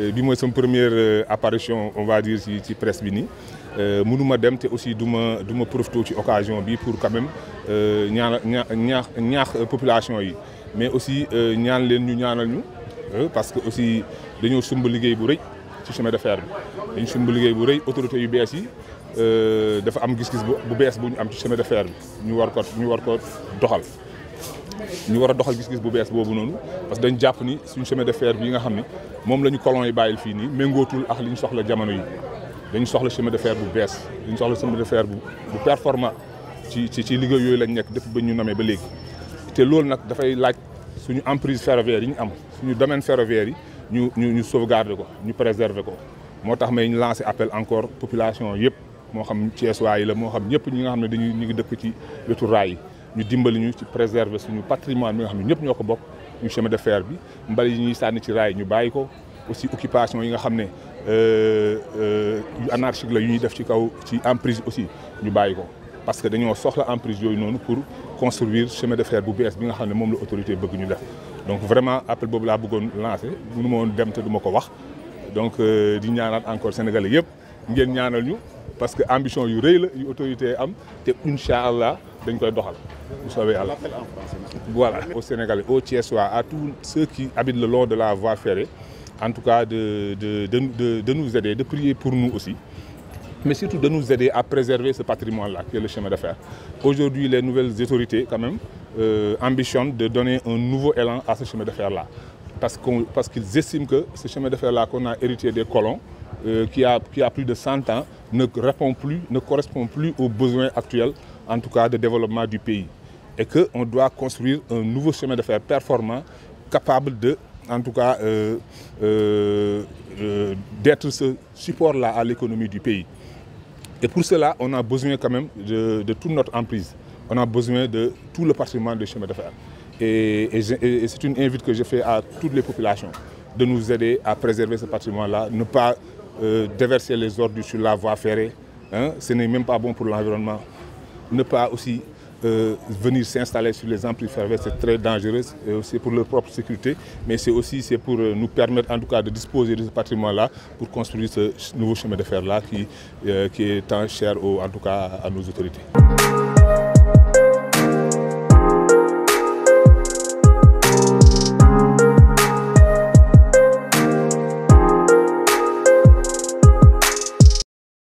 Euh, bi mooy sama première euh, apparition on va dire ci press bi nii euh, mënuma dem te aussi du ma du ma profité ci occasion bi pour quand même ñaan ñaax ñaax population yi mais aussi ñaan leen ñu ñaanal ñu parce que aussi dañoo sumb liggéey bu rëy ci chemin de fer bi dañu sumb liggéey bu rëy autorité yu bees yi dafa am gis-gis bu bees bu ñu am ci chemin de fer bi ñu war ko ñu war ko doxal ñu war a doxal gis-gis bu bees boobu noonu parce que dañ jàpp ni suñ chemin de fer bii nga xam ne moom la ñu colon yi bàyyil fii nii méngootul ak li ñu soxla jamono yi dañu soxla chemin de fer bu bees dañu soxla chemin de fer bu bu performant ci ci ci liggéey yooyu lañ nekk def ba ñu nomee ba léegi te loolu nag dafay laaj suñu emprise ferroviaire yi ñu am suñu domaine ferroviaire yi ñu ñu ñu sauvegarder ko ñu préserver ko moo tax may ñu lancer appel encore population yëpp moo xam Thiessois yi la moo xam ñëpp ñi nga xam ne dañuy ñu ngi dëkk ci wetu yi ñu dimbali ñu ci préserver suñu patrimoine bi nga xam ne ñëpp ñoo ko bokk ñu chemin de fer bi mbali yi ñuy sànni ci raay ñu bàyyi ko aussi occupation yi nga xam ne euh, euh, yu anarchique la yu ñuy def ci kaw ci emprise aussi ñu bàyyi ko parce que dañoo soxla emprise yooyu noonu pour construire chemin de fer bu bees bi nga xam ne moom la autorité bëgg ñu def donc vraiment appel boobu laa bëggoon lancé mënu ma woon dem te ko wax donc euh, di ñaanaat encore sénégalais yëpp ngeen ñaanal ñu parce que ambition yu rëy la yu autorité am incha allah dañu koy doxal bu soobee yàlla voilà au Sénégalais au Thiessois à tous ceux qui habitent le long de la voie ferrée en tout cas de de de de, de nous aider de prier pour nous aussi mais surtout de nous aider à préserver ce patrimoine-là qui est le chemin de fer. Aujourd'hui, les nouvelles autorités quand même euh, de donner un nouveau élan à ce chemin de fer parce qu'on parce qu'ils estiment que ce chemin de fer-là qu'on a hérité des colons euh, qui a plus de 100 ans ne répond plus, ne correspond plus aux besoins en tout cas de développement du pays. Et qu'on doit construire un nouveau chemin de fer performant, capable de, en tout cas, euh, euh, euh, d'être ce support-là à l'économie du pays. Et pour cela, on a besoin quand même de, de, toute notre emprise. On a besoin de tout le patrimoine de chemin de fer. Et, et, et c'est une invite que je fais à toutes les populations de nous aider à préserver ce patrimoine-là, ne pas euh, déverser les ordures sur la voie ferrée. Hein, ce n'est même pas bon pour l'environnement. ne pas aussi euh, venir s'installer sur les amplis ferveurs, c'est très dangereux, euh, c'est pour leur propre sécurité, mais c'est aussi c'est pour euh, nous permettre en tout cas de disposer de ce patrimoine-là pour construire ce nouveau chemin de fer-là qui, euh, qui est tant cher au, en tout cas à nos autorités.